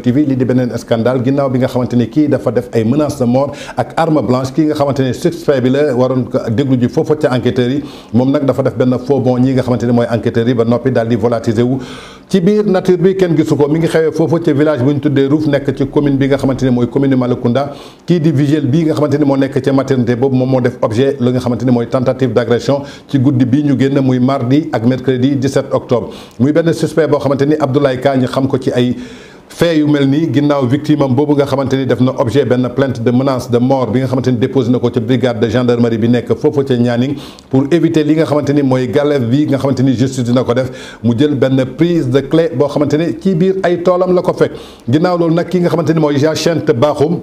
TV lii di beneen scandale ginnaaw bi nga xamante ne kii dafa def ay menaces de mort ak arme blanche kii nga xamante ne suspect bi la waroon déglu ji foofu ca enquêteurs yi moom nag dafa def benn faux bond ñi nga xamante ne mooy enquêteurs yi ba noppi daal di volatilisé wu. ci biir nature bi kenn gisu ko mi ngi xewee foofu ci village bu ñu tuddee Rouf nekk ci commune bi nga xamante ne mooy commune Malekounda kii di vigile bii nga xamante ne moo nekk ca maternité boobu moom moo def objet li nga xamante ne mooy tentative d' agression ci guddi bii ñu génn muy mardi ak mercredi 17 octobre muy benn suspect boo xamante ni Abdoulaye Ka ñu xam ko ci ay fait yu mel nii victime am boobu nga xamanteni def na objet ben plainte de menace de mort bi nga xamanteni déposé nako ci brigade de gendarmerie bi nek fofu ci Nianing pour éviter li nga xamanteni moy mooy galère bi nga xamanteni justice dina ko def mu jël ben prise de clé bo xamanteni ni ci biir ay tolam la ko fekk ginnaaw loolu nag ki nga xamante ni mooy Jacinthe Bakhoum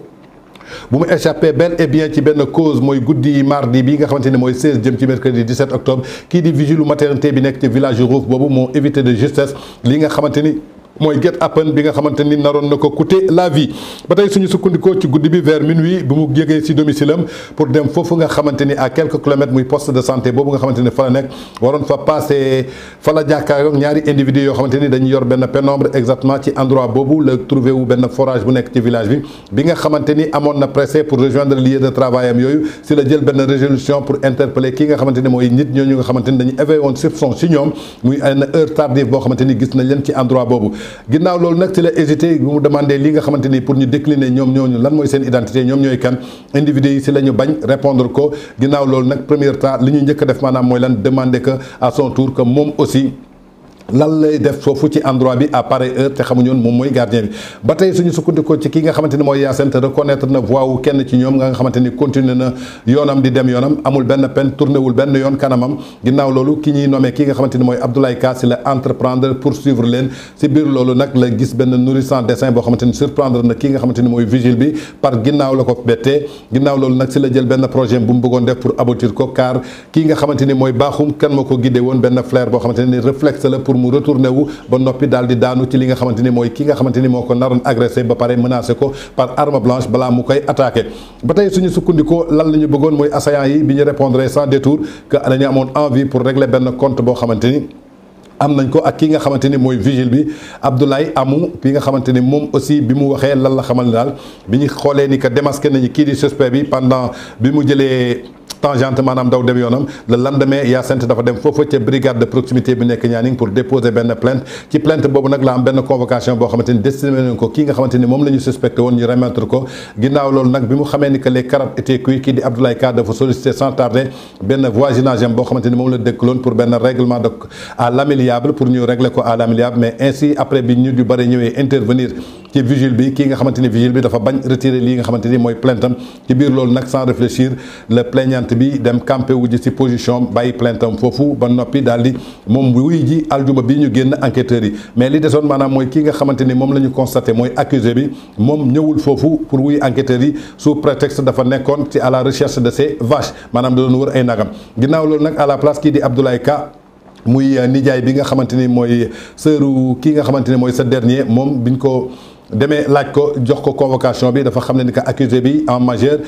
bu mu échappé bel et bien ci benn cause mooy guddi mardi bi nga xamante ni mooy 16 jëm ci mercredi 17 octobre kii di vigile maternité bi nekk ci village Rouf boobu moo évité de justesse li nga xamante ni moy get apane bi nga xamanteni ni nako coûter la vie batay tey suñu sukkandikoo ci guddi bi vers minuit bi mu yégee si domicile pour dem fofu nga xamanteni à quelques kilomètres muy poste de santé Bobu nga xamanteni ni fa la nekk waroon fa passer fa la jàkkaaroog ñaari individu yo xamanteni dañuy yor ben pénombre exactement ci endroit bobu le trouvé wu forage bu nek ci village bi bi nga xamanteni amone na pressé pour rejoindre lieu de travail am yoyu si la jël ben résolution pour interpeller ki nga xamanteni moy nit ñoo nga xamanteni dañuy dañu éveillé woon ci ñom muy ay heure tardive bo xamanteni gis nañ len ci endroit bobu ginnaaw loolu nag ci la hésité bi mu demandé li nga xamante ni pour ñu décliner ñoom ñooñu lan mooy seen identité ñoom ñooy kan individu yi si la ñu bañ répondre ko ginnaaw loolu nag premier temps li ñu njëkk def maanaam mooy lan demande que à tour que moom aussi lan lay def fofu ci endroit bi à pareille heure te xamuñu woon moom mooy gardien bi ba tey suñu ko ci ki nga xamanteni moy mooy te reconnaître na voix wu kenn ci ñom nga xamanteni xamante continuer na yonam di dem yonam amul ben peine tourner wul ben yoon kanamam ginnaw lolu ki ñi nommé ki nga xamanteni moy Abdoulaye Kassile si la entreprendre poursuivre leen si biir loolu nag la gis ben nourrissant dessin bo xamanteni surprendre na ki nga xamanteni moy vigile bi par ginnaw la ko bettee ginnaaw loolu nag si la jël ben projet bu mu def pour aboutir ko car ki nga xamanteni moy baxum kan mako guidé won ben flair bo xamanteni réflexe la pour mu retourné wu ba noppi daal di daanu ci li nga xamante ni mooy kii nga xamante ni moo ko naroon agressé ba pare menacé ko par arme blanche balaa mu koy attaqué ba tey suñu sukkandikoo lan la ñu bëggoon mooy assaillants yi bi ñu répondre sans détour que dañu amoon envie pour régler benn compte boo xamante am nañ ko ak ki nga xamante ni mooy vigile bi Abdoulaye Amou ki nga xamante ni moom aussi bi mu waxee lan la xamal ni daal bi ñu xoolee ni que démasqué nañu kii di suspect bi pendant bi mu jëlee tangente maanaam daw dem yonam le lendemain Hyacinthe dafa dem foofa ci brigade de proximité bi nek ñaning pour déposer ben plainte ci plainte bobu nak la am ben convocation bo xamanteni destiné nañ ko ki nga xamanteni mom lañu suspecté won ñu remettre ko ginnaw lool nak bi mu xamee ni que les carottes étaient cuites ki di Abdoulaye Ka dafa solliciter sans tarder ben voisinage am boo xamante ni moom la dëkkaloon pour ben règlement de à l'amiable pour ñu régler ko à l'amiable mais ainsi après bi ñu du bari ñëwé intervenir ci vigile bi ki nga xamanteni ni vigile bi dafa bañ retirer li nga xamanteni moy mooy plaintam ci bir loolu nak sans réfléchir le plaignante bi dem campé wuji ci si position bàyyi plaintam fofu ba nopi daal di moom wuy ji aljuma bi ñu génn enquêteur yi mais li desoon manam moy ki nga xamanteni mom lañu constater moy accusé bi mom ñewul fofu pour wuy enquêteur yi sous prétexte dafa nekkoon ci à la recherche de ses vaches manam da doon wër ay nagam ginnaw loolu nak à la place ki di Abdoulaye Ka muy euh, nijaay bi nga xamanteni moy mooy ki nga xamanteni moy sa dernier mom biñ ko demee la ko jox ko convocation bi dafa xamné ne ni que accusé bi en majeur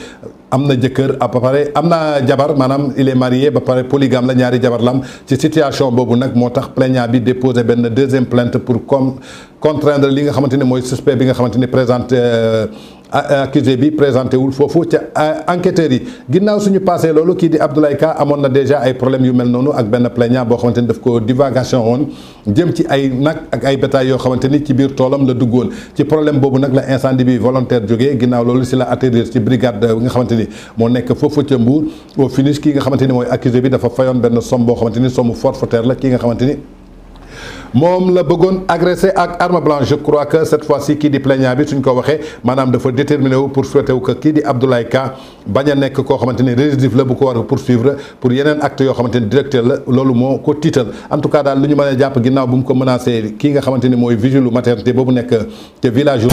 amna na à peu amna jabar manam il est marié ba paré polygame la ñaari jabar lam ci situation bobu nak motax plaignant bi déposé ben deuxième plainte pour comme contraindre li nga xamanténi moy suspect bi nga xamanténi ne euh, accusé bi présenté wul foofu ca enquêteurs yi ginnaw suñu passé lolu ki di Abdoulaye Ka amoon na déjà ay problème yu mel noonu ak ben plaignant bo xamanteni daf ko divagation woon jëm ci ay nak ak ay bétail yo xamanteni ci biir tolam la duggoon ci problème bobu nak la incendie bi volontaire jógee ginnaw lolu si la atterrir ci brigade nga xamanteni mo nek fofu ci Mbour au finish ki nga xamanteni moy accusé bi dafa fayoon ben somme bo xamanteni ni somme forfaitaire la ki nga xamanteni mom la bëggoon agressé ak arme blanche je crois que cette fois-ci qui di plaignant bi suñ ko Madame, maanaam dafa déterminé pour souhaiter que Abdoulaye Ka bañ a nekk koo xamante la poursuivre pour acte directeur la en tout cas daal ñu mën a jàpp bu mu ko nga maternité village